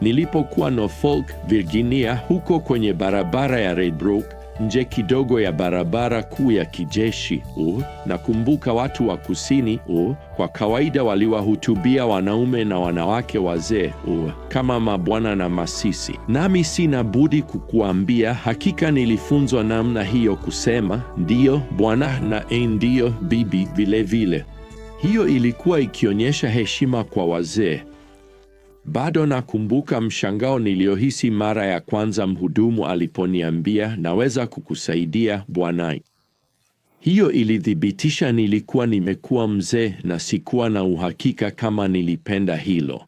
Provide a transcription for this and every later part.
nilipokuwa Norfolk, Virginia, huko kwenye barabara ya Redbrook, nje kidogo ya barabara kuu ya kijeshi uh, nakumbuka watu wa kusini uh, kwa kawaida waliwahutubia wanaume na wanawake wazee uh, kama mabwana na masisi. Nami sina budi kukuambia, hakika nilifunzwa namna hiyo, kusema ndiyo bwana na e, ndiyo bibi vilevile. Hiyo ilikuwa ikionyesha heshima kwa wazee bado nakumbuka mshangao niliyohisi mara ya kwanza mhudumu aliponiambia naweza kukusaidia bwana. Hiyo ilithibitisha nilikuwa nimekuwa mzee na sikuwa na uhakika kama nilipenda hilo.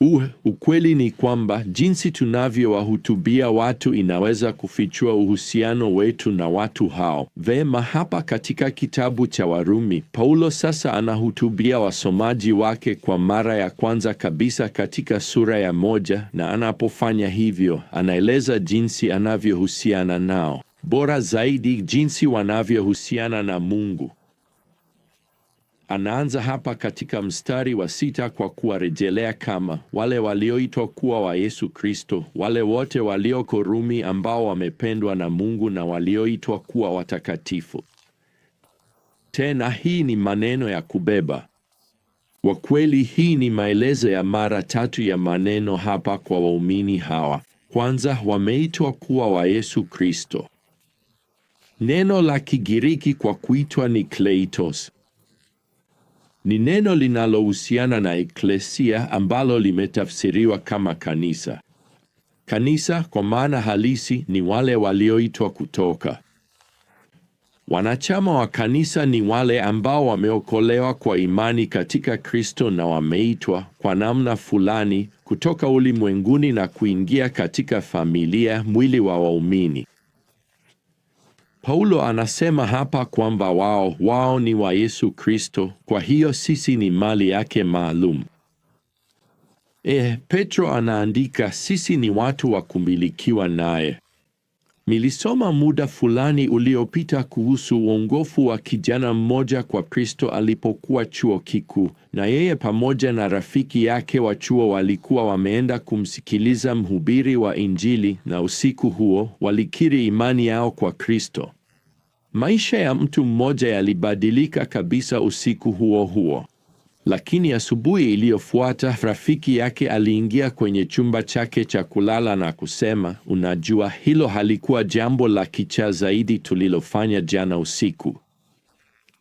U, ukweli ni kwamba jinsi tunavyowahutubia watu inaweza kufichua uhusiano wetu na watu hao. Vema, hapa katika kitabu cha Warumi, Paulo sasa anahutubia wasomaji wake kwa mara ya kwanza kabisa katika sura ya moja, na anapofanya hivyo anaeleza jinsi anavyohusiana nao, bora zaidi jinsi wanavyohusiana na Mungu. Anaanza hapa katika mstari wa sita kwa kuwarejelea kama wale walioitwa kuwa wa Yesu Kristo, wale wote walioko Rumi ambao wamependwa na Mungu na walioitwa kuwa watakatifu. Tena hii ni maneno ya kubeba. Kwa kweli hii ni maelezo ya mara tatu ya maneno hapa kwa waumini hawa. Kwanza, wameitwa kuwa wa Yesu Kristo. Neno la Kigiriki kwa kuitwa ni kleitos ni neno linalohusiana na eklesia ambalo limetafsiriwa kama kanisa. Kanisa kwa maana halisi ni wale walioitwa kutoka. Wanachama wa kanisa ni wale ambao wameokolewa kwa imani katika Kristo na wameitwa kwa namna fulani kutoka ulimwenguni na kuingia katika familia, mwili wa waumini. Paulo anasema hapa kwamba wao wao ni wa Yesu Kristo, kwa hiyo sisi ni mali yake maalum. E, Petro anaandika sisi ni watu wa kumilikiwa naye. Nilisoma muda fulani uliopita kuhusu uongofu wa kijana mmoja kwa Kristo alipokuwa chuo kikuu, na yeye pamoja na rafiki yake wa chuo walikuwa wameenda kumsikiliza mhubiri wa Injili, na usiku huo walikiri imani yao kwa Kristo. Maisha ya mtu mmoja yalibadilika kabisa usiku huo huo. Lakini asubuhi iliyofuata, rafiki yake aliingia kwenye chumba chake cha kulala na kusema, unajua, hilo halikuwa jambo la kichaa zaidi tulilofanya jana usiku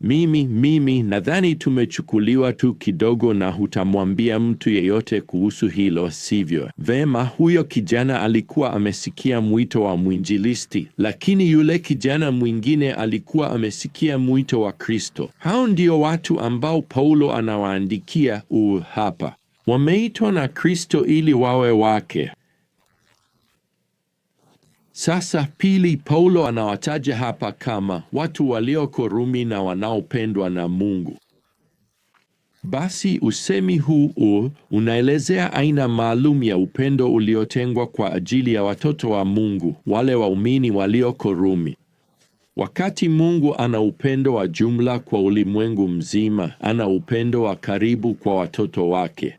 mimi mimi, nadhani tumechukuliwa tu kidogo, na hutamwambia mtu yeyote kuhusu hilo, sivyo? Vema, huyo kijana alikuwa amesikia mwito wa mwinjilisti, lakini yule kijana mwingine alikuwa amesikia mwito wa Kristo. Hao ndio watu ambao Paulo anawaandikia uu hapa, wameitwa na Kristo ili wawe wake. Sasa pili, Paulo anawataja hapa kama watu walioko Rumi na wanaopendwa na Mungu. Basi usemi huu u unaelezea aina maalum ya upendo uliotengwa kwa ajili ya watoto wa Mungu, wale waumini walioko Rumi. Wakati Mungu ana upendo wa jumla kwa ulimwengu mzima, ana upendo wa karibu kwa watoto wake.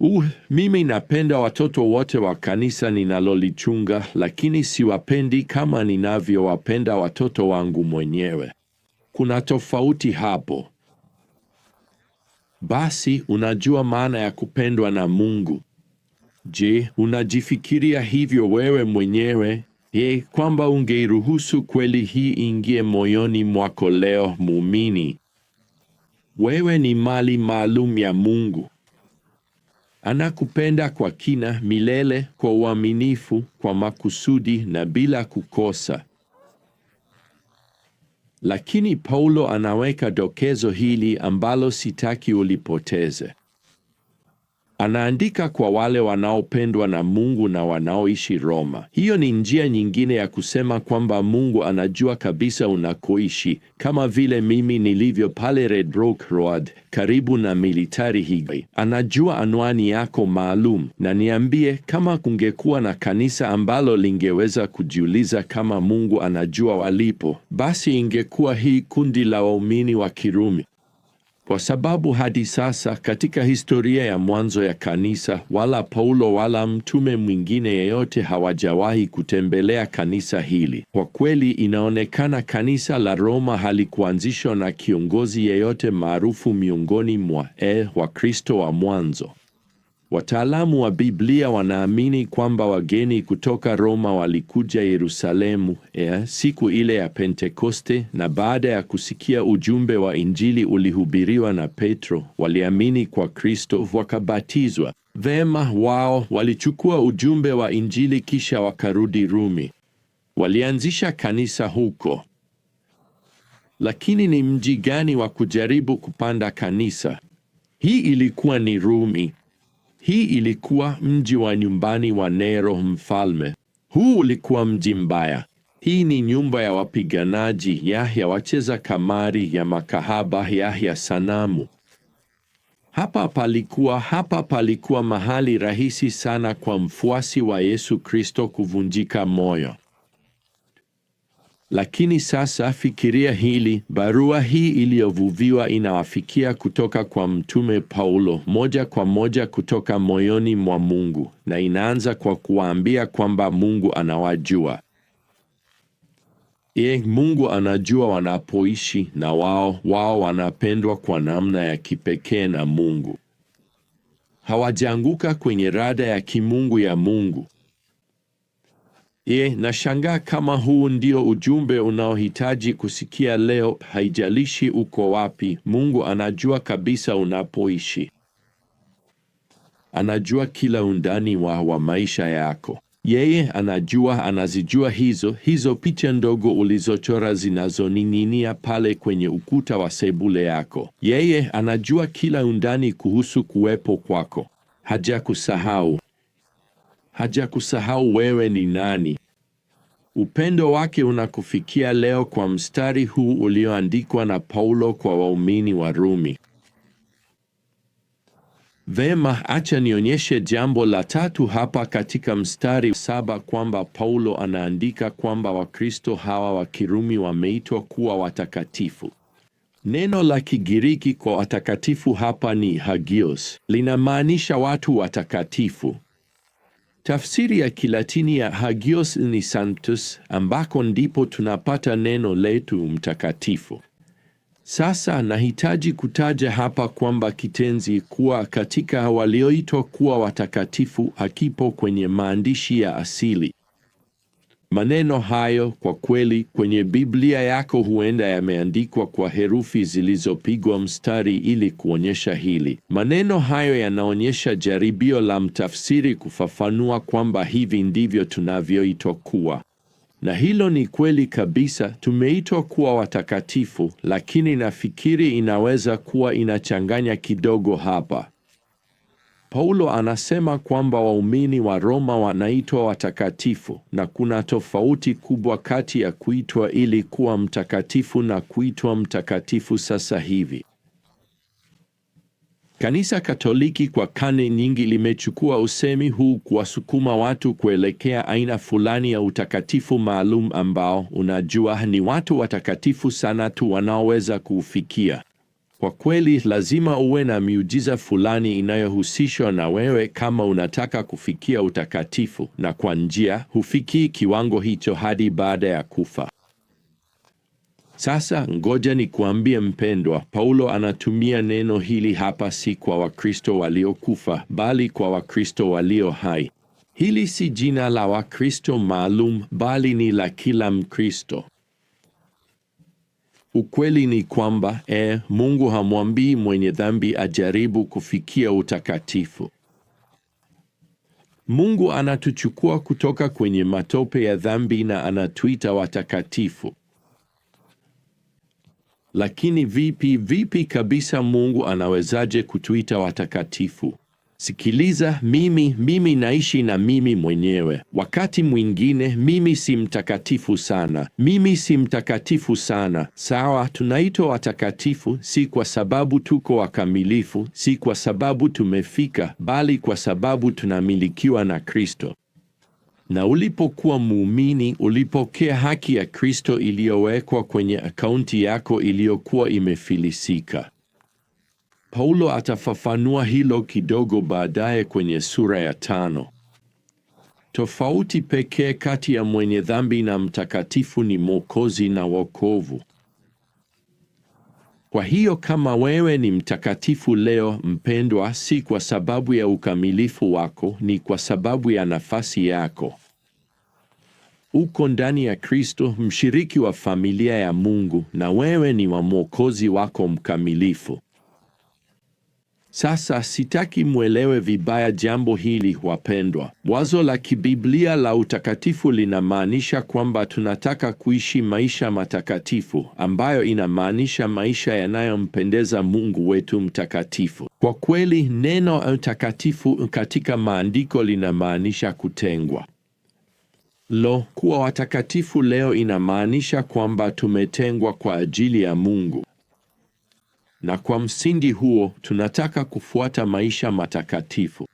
Uh, mimi napenda watoto wote wa kanisa ninalolichunga, lakini siwapendi kama ninavyowapenda watoto wangu mwenyewe. Kuna tofauti hapo. Basi unajua maana ya kupendwa na Mungu. Je, unajifikiria hivyo wewe mwenyewe? Je, kwamba ungeiruhusu kweli hii ingie moyoni mwako leo, muumini? Wewe ni mali maalum ya Mungu. Anakupenda kwa kina, milele, kwa uaminifu, kwa makusudi na bila kukosa. Lakini Paulo anaweka dokezo hili ambalo sitaki ulipoteze. Anaandika kwa wale wanaopendwa na Mungu na wanaoishi Roma. Hiyo ni njia nyingine ya kusema kwamba Mungu anajua kabisa unakoishi, kama vile mimi nilivyo pale Red Road karibu na Military Highway. Anajua anwani yako maalum, na niambie, kama kungekuwa na kanisa ambalo lingeweza kujiuliza kama Mungu anajua walipo, basi ingekuwa hii kundi la waumini wa Kirumi. Kwa sababu hadi sasa katika historia ya mwanzo ya kanisa, wala Paulo wala mtume mwingine yeyote hawajawahi kutembelea kanisa hili. Kwa kweli, inaonekana kanisa la Roma halikuanzishwa na kiongozi yeyote maarufu miongoni mwa e Wakristo wa mwanzo. Wataalamu wa Biblia wanaamini kwamba wageni kutoka Roma walikuja Yerusalemu ea, eh, siku ile ya Pentekoste, na baada ya kusikia ujumbe wa Injili ulihubiriwa na Petro, waliamini kwa Kristo wakabatizwa. Vema, wao walichukua ujumbe wa Injili kisha wakarudi Rumi. Walianzisha kanisa huko. Lakini ni mji gani wa kujaribu kupanda kanisa? Hii ilikuwa ni Rumi. Hii ilikuwa mji wa nyumbani wa Nero mfalme. Huu ulikuwa mji mbaya. Hii ni nyumba ya wapiganaji, yahya wacheza kamari, ya makahaba, yahya sanamu. Hapa palikuwa hapa palikuwa mahali rahisi sana kwa mfuasi wa Yesu Kristo kuvunjika moyo. Lakini sasa fikiria hili, barua hii iliyovuviwa inawafikia kutoka kwa Mtume Paulo moja kwa moja kutoka moyoni mwa Mungu na inaanza kwa kuwaambia kwamba Mungu anawajua. Ye, ee Mungu anajua wanapoishi na wao wao wanapendwa kwa namna ya kipekee na Mungu. Hawajaanguka kwenye rada ya kimungu ya Mungu. Ye, nashangaa kama huu ndio ujumbe unaohitaji kusikia leo. Haijalishi uko wapi, Mungu anajua kabisa unapoishi. Anajua kila undani wa, wa maisha yako. Yeye anajua, anazijua hizo hizo picha ndogo ulizochora zinazoning'inia pale kwenye ukuta wa sebule yako. Yeye anajua kila undani kuhusu kuwepo kwako, hajakusahau hajakusahau wewe ni nani. Upendo wake unakufikia leo kwa mstari huu ulioandikwa na Paulo kwa waumini wa Rumi. Vema, acha nionyeshe jambo la tatu hapa katika mstari saba kwamba Paulo anaandika kwamba Wakristo hawa wa Kirumi wameitwa kuwa watakatifu. Neno la Kigiriki kwa watakatifu hapa ni hagios, linamaanisha watu watakatifu. Tafsiri ya Kilatini ya Hagios ni sanctus, ambako ndipo tunapata neno letu mtakatifu. Sasa nahitaji kutaja hapa kwamba kitenzi kuwa katika walioitwa kuwa watakatifu hakipo kwenye maandishi ya asili. Maneno hayo kwa kweli kwenye Biblia yako huenda yameandikwa kwa herufi zilizopigwa mstari ili kuonyesha hili. Maneno hayo yanaonyesha jaribio la mtafsiri kufafanua kwamba hivi ndivyo tunavyoitwa kuwa. Na hilo ni kweli kabisa, tumeitwa kuwa watakatifu, lakini nafikiri inaweza kuwa inachanganya kidogo hapa. Paulo anasema kwamba waumini wa Roma wanaitwa watakatifu na kuna tofauti kubwa kati ya kuitwa ili kuwa mtakatifu na kuitwa mtakatifu sasa hivi. Kanisa Katoliki kwa karne nyingi limechukua usemi huu kuwasukuma watu kuelekea aina fulani ya utakatifu maalum ambao unajua ni watu watakatifu sana tu wanaoweza kuufikia. Kwa kweli lazima uwe na miujiza fulani inayohusishwa na wewe kama unataka kufikia utakatifu, na kwa njia hufikii kiwango hicho hadi baada ya kufa. Sasa ngoja ni kuambie mpendwa, Paulo anatumia neno hili hapa si kwa Wakristo waliokufa, bali kwa Wakristo walio hai. Hili si jina la Wakristo maalum, bali ni la kila Mkristo. Ukweli ni kwamba e, Mungu hamwambii mwenye dhambi ajaribu kufikia utakatifu. Mungu anatuchukua kutoka kwenye matope ya dhambi na anatuita watakatifu. Lakini vipi vipi kabisa Mungu anawezaje kutuita watakatifu? Sikiliza, mimi mimi naishi na mimi mwenyewe. Wakati mwingine mimi si mtakatifu sana, mimi si mtakatifu sana. Sawa, tunaitwa watakatifu, si kwa sababu tuko wakamilifu, si kwa sababu tumefika, bali kwa sababu tunamilikiwa na Kristo. Na ulipokuwa muumini, ulipokea haki ya Kristo iliyowekwa kwenye akaunti yako iliyokuwa imefilisika. Paulo atafafanua hilo kidogo baadaye kwenye sura ya tano. Tofauti pekee kati ya mwenye dhambi na mtakatifu ni Mwokozi na wokovu. Kwa hiyo kama wewe ni mtakatifu leo, mpendwa, si kwa sababu ya ukamilifu wako, ni kwa sababu ya nafasi yako. Uko ndani ya Kristo, mshiriki wa familia ya Mungu, na wewe ni wa Mwokozi wako mkamilifu. Sasa sitaki mwelewe vibaya jambo hili wapendwa. Wazo la kibiblia la utakatifu linamaanisha kwamba tunataka kuishi maisha matakatifu, ambayo inamaanisha maisha yanayompendeza Mungu wetu mtakatifu. Kwa kweli, neno utakatifu katika maandiko linamaanisha kutengwa. Lo, kuwa watakatifu leo inamaanisha kwamba tumetengwa kwa ajili ya Mungu na kwa msingi huo tunataka kufuata maisha matakatifu.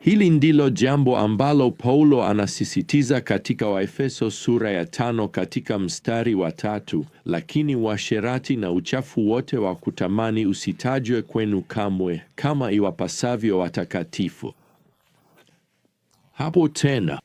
Hili ndilo jambo ambalo Paulo anasisitiza katika Waefeso sura ya tano katika mstari wa tatu, lakini uasherati na uchafu wote wa kutamani usitajwe kwenu kamwe, kama iwapasavyo watakatifu. Hapo tena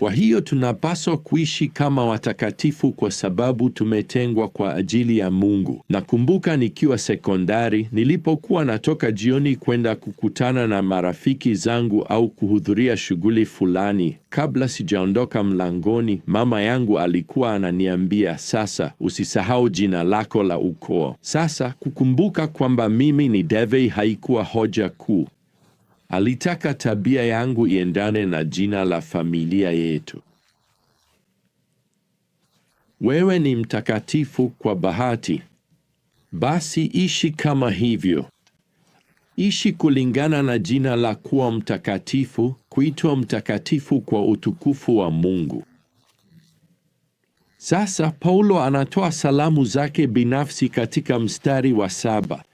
kwa hiyo tunapaswa kuishi kama watakatifu kwa sababu tumetengwa kwa ajili ya Mungu. Nakumbuka nikiwa sekondari, nilipokuwa natoka jioni kwenda kukutana na marafiki zangu au kuhudhuria shughuli fulani, kabla sijaondoka mlangoni, mama yangu alikuwa ananiambia, sasa usisahau jina lako la ukoo. Sasa kukumbuka kwamba mimi ni Davey haikuwa hoja kuu. Alitaka tabia yangu iendane na jina la familia yetu. Wewe ni mtakatifu kwa bahati. Basi ishi kama hivyo. Ishi kulingana na jina la kuwa mtakatifu, kuitwa mtakatifu kwa utukufu wa Mungu. Sasa Paulo anatoa salamu zake binafsi katika mstari wa saba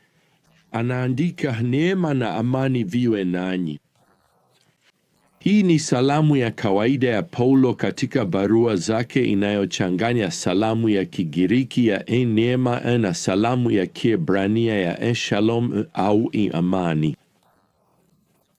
anaandika, neema na amani viwe nanyi. Hii ni salamu ya kawaida ya Paulo katika barua zake inayochanganya salamu ya Kigiriki ya e neema na salamu ya Kiebrania ya e shalom au amani.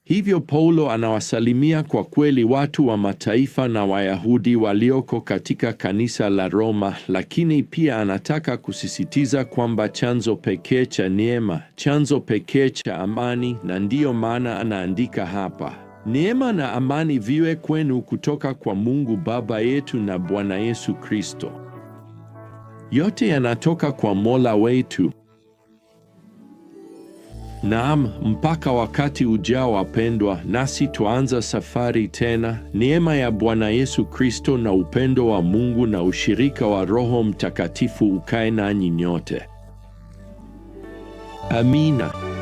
Hivyo Paulo anawasalimia kwa kweli watu wa mataifa na Wayahudi walioko katika kanisa la Roma, lakini pia anataka kusisitiza kwamba chanzo pekee cha neema, chanzo pekee cha amani, na ndiyo maana anaandika hapa, neema na amani viwe kwenu kutoka kwa Mungu Baba yetu na Bwana Yesu Kristo. Yote yanatoka kwa Mola wetu. Naam, mpaka wakati ujao wapendwa, nasi twaanza safari tena. Neema ya Bwana Yesu Kristo na upendo wa Mungu na ushirika wa Roho Mtakatifu ukae nanyi nyote. Amina.